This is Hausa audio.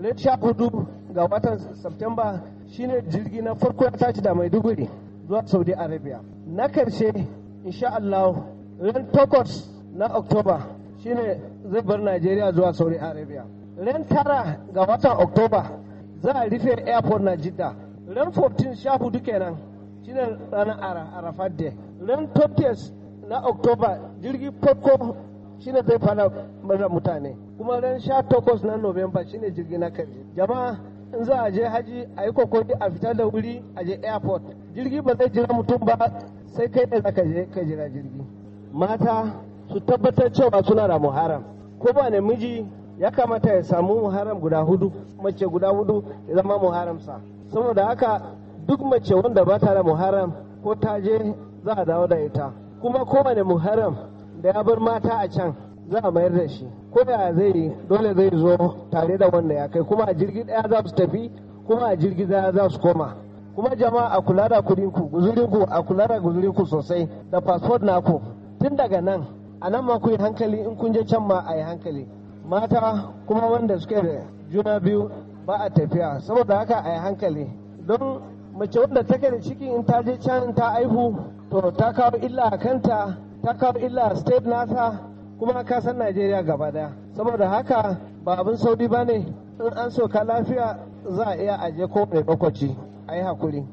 na sha hudu ga watan Septemba shine jirgi na farko ya tashi da Maiduguri zuwa Saudi Arabia. Na karshe insha Allah ran takwas na Oktoba shine zai bar nigeria zuwa Saudi Arabia. Ran tara ga watan Oktoba za a rufe airport na Jidda. Ran 14 sha hudu kenan shine ranar Arafat Day. Ran 20 na Oktoba jirgi farko shine zai fara mutane. kuma ran sha takwas na novemba shine jirgi na kare Jama'a in za a je haji a yi kokodi a fita da wuri a je airport. Jirgi ba zai jira mutum ba sai kai da zaka je ka jira jirgi. Mata su tabbatar cewa suna da muharam. Ko ba namiji ya kamata ya samu muharam guda hudu mace guda hudu ya zama muharamsa. Saboda haka duk mace wanda ba ta da muharam ko ta je za a dawo da ita. Kuma kowane muharam da ya bar mata a can za a mayar da shi ko ya zai dole zai zo tare da wanda ya kai kuma a jirgi daya za su tafi kuma a jirgi daya za su koma kuma jama'a a kula da kudinku guzurinku a kula da guzurinku sosai da passport naku tun daga nan a nan ma ku yi hankali in kun je can ma a yi hankali mata kuma wanda suke da juna biyu ba a tafiya saboda haka a yi hankali don mace wanda take da ciki in ta je can ta aihu to ta kawo illa kanta ta kawo illa state nasa kuma ka san najeriya gaba daya saboda haka ba abin saudi ba ne in an so ka lafiya za a iya aje ko mai a yi hakuri